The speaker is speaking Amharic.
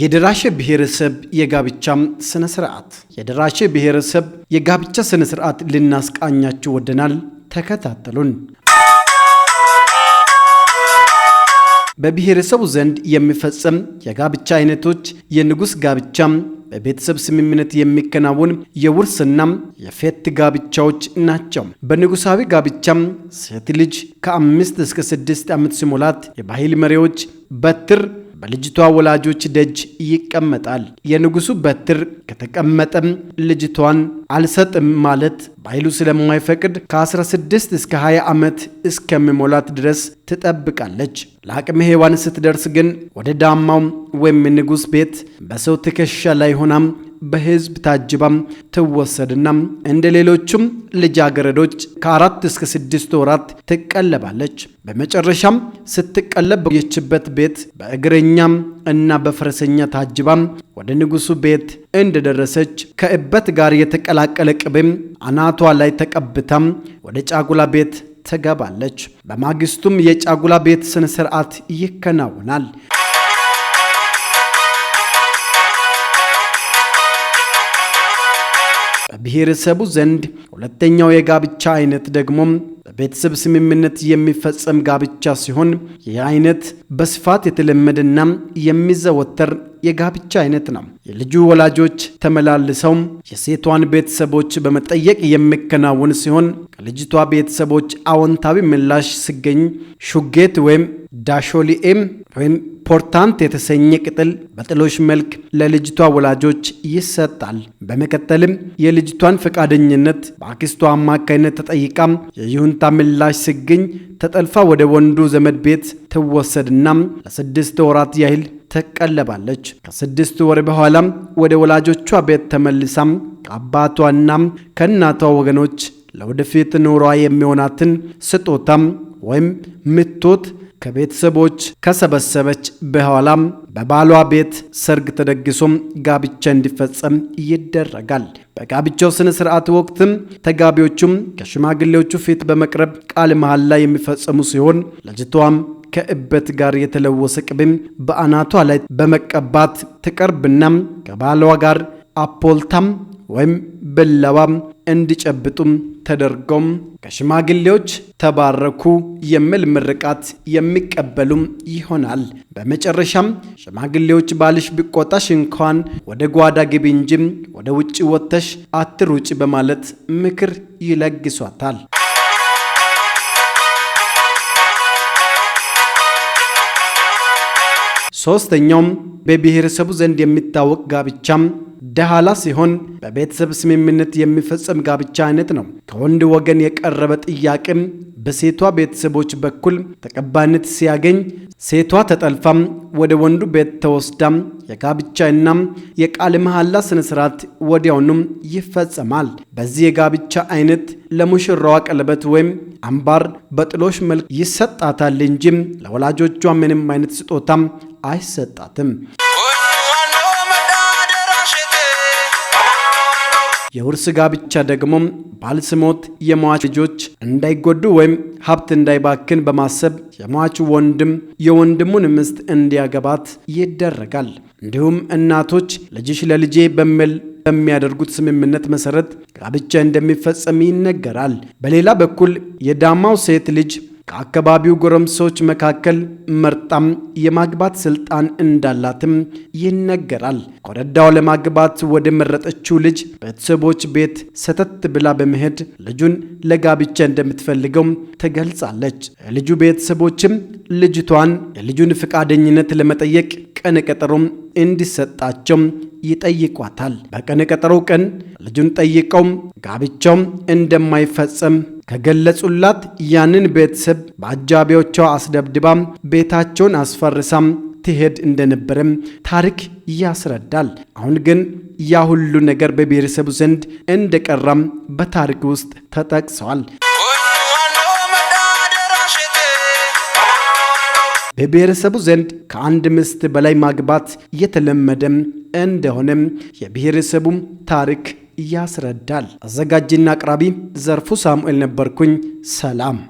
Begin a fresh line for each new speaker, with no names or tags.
የደራሸ ብሔረሰብ የጋብቻ ስነ ስርዓት። የደራሸ ብሔረሰብ የጋብቻ ስነ ስርዓት ልናስቃኛችሁ ወደናል። ተከታተሉን። በብሔረሰቡ ዘንድ የሚፈጸም የጋብቻ አይነቶች የንጉሥ ጋብቻ በቤተሰብ ስምምነት የሚከናወን የውርስና የፌት ጋብቻዎች ናቸው። በንጉሳዊ ጋብቻ ሴት ልጅ ከአምስት እስከ ስድስት ዓመት ሲሞላት የባህል መሪዎች በትር በልጅቷ ወላጆች ደጅ ይቀመጣል። የንጉሱ በትር ከተቀመጠም ልጅቷን አልሰጥም ማለት ባይሉ ስለማይፈቅድ ከ16 እስከ 20 ዓመት እስከሚሞላት ድረስ ትጠብቃለች። ለአቅመ ሔዋን ስትደርስ ግን ወደ ዳማው ወይም ንጉሥ ቤት በሰው ትከሻ ላይ ሆናም በሕዝብ ታጅባም ትወሰድና እንደ ሌሎቹም ልጃገረዶች ከአራት እስከ ስድስት ወራት ትቀለባለች። በመጨረሻም ስትቀለብ የችበት ቤት በእግረኛም እና በፈረሰኛ ታጅባ ወደ ንጉሱ ቤት እንደደረሰች ከእበት ጋር የተቀላቀለ ቅቤም አናቷ ላይ ተቀብታም ወደ ጫጉላ ቤት ትገባለች። በማግስቱም የጫጉላ ቤት ስነ ስርዓት ይከናወናል። በብሔረሰቡ ዘንድ ሁለተኛው የጋብቻ አይነት ደግሞ በቤተሰብ ስምምነት የሚፈጸም ጋብቻ ሲሆን ይህ አይነት በስፋት የተለመደና የሚዘወተር የጋብቻ አይነት ነው። የልጁ ወላጆች ተመላልሰው የሴቷን ቤተሰቦች በመጠየቅ የሚከናወን ሲሆን ከልጅቷ ቤተሰቦች አዎንታዊ ምላሽ ሲገኝ ሹጌት ወይም ዳሾሊኤም ወይም ፖርታንት የተሰኘ ቅጥል በጥሎሽ መልክ ለልጅቷ ወላጆች ይሰጣል። በመቀጠልም የልጅቷን ፈቃደኝነት በአክስቷ አማካይነት ተጠይቃም የይሁንታ ምላሽ ስገኝ ተጠልፋ ወደ ወንዱ ዘመድ ቤት ትወሰድና ለስድስት ወራት ያህል ተቀለባለች። ከስድስት ወር በኋላም ወደ ወላጆቿ ቤት ተመልሳም ከአባቷና ከእናቷ ወገኖች ለወደፊት ኑሯ የሚሆናትን ስጦታም ወይም ምቶት ከቤተሰቦች ከሰበሰበች በኋላም በባሏ ቤት ሰርግ ተደግሶም ጋብቻ እንዲፈጸም ይደረጋል። በጋብቻው ስነ ስርዓት ወቅትም ተጋቢዎቹም ከሽማግሌዎቹ ፊት በመቅረብ ቃል ላይ የሚፈጸሙ ሲሆን ልጅቷም ከእበት ጋር የተለወሰ ቅቤም በአናቷ ላይ በመቀባት ትቀርብና ከባሏ ጋር አፖልታም ወይም ብለባም እንዲጨብጡም ተደርጎም ከሽማግሌዎች ተባረኩ የሚል ምርቃት የሚቀበሉም ይሆናል። በመጨረሻም ሽማግሌዎች ባልሽ ቢቆጣሽ እንኳን ወደ ጓዳ ግቢ እንጂም ወደ ውጭ ወጥተሽ አትሩጭ በማለት ምክር ይለግሷታል። ሶስተኛውም በብሔረሰቡ ዘንድ የሚታወቅ ጋብቻም ደሃላ ሲሆን በቤተሰብ ስምምነት የሚፈጸም ጋብቻ አይነት ነው። ከወንድ ወገን የቀረበ ጥያቄም በሴቷ ቤተሰቦች በኩል ተቀባይነት ሲያገኝ ሴቷ ተጠልፋም ወደ ወንዱ ቤት ተወስዳም የጋብቻና የቃለ መሐላ ስነ ስርዓት ወዲያውኑም ይፈጸማል። በዚህ የጋብቻ አይነት ለሙሽራዋ ቀለበት ወይም አምባር በጥሎሽ መልክ ይሰጣታል እንጂ ለወላጆቿ ምንም አይነት ስጦታም አይሰጣትም። የውርስ ጋብቻ ደግሞ ባል ሲሞት የሟች ልጆች እንዳይጎዱ ወይም ሀብት እንዳይባክን በማሰብ የሟቹ ወንድም የወንድሙን ምስት እንዲያገባት ይደረጋል። እንዲሁም እናቶች ልጅሽ ለልጄ በሚል በሚያደርጉት ስምምነት መሰረት ጋብቻ እንደሚፈጸም ይነገራል። በሌላ በኩል የዳማው ሴት ልጅ ከአካባቢው ጎረምሶች መካከል መርጣም የማግባት ስልጣን እንዳላትም ይነገራል። ኮረዳው ለማግባት ወደ መረጠችው ልጅ ቤተሰቦች ቤት ሰተት ብላ በመሄድ ልጁን ለጋብቻ እንደምትፈልገው ተገልጻለች። የልጁ ቤተሰቦችም ልጅቷን የልጁን ፈቃደኝነት ለመጠየቅ ቀነ ቀጠሮም እንዲሰጣቸው ይጠይቋታል። በቀነ ቀጠሮው ቀን ልጁን ጠይቀው ጋብቻው እንደማይፈጸም ከገለጹላት ያንን ቤተሰብ በአጃቢዎቿ አስደብድባ ቤታቸውን አስፈርሳም ትሄድ እንደነበረም ታሪክ ያስረዳል። አሁን ግን ያ ሁሉ ነገር በብሔረሰቡ ዘንድ እንደቀራም በታሪክ ውስጥ ተጠቅሰዋል። በብሔረሰቡ ዘንድ ከአንድ ሚስት በላይ ማግባት እየተለመደም እንደሆነም የብሔረሰቡ ታሪክ ያስረዳል። አዘጋጅና አቅራቢ ዘርፉ ሳሙኤል ነበርኩኝ። ሰላም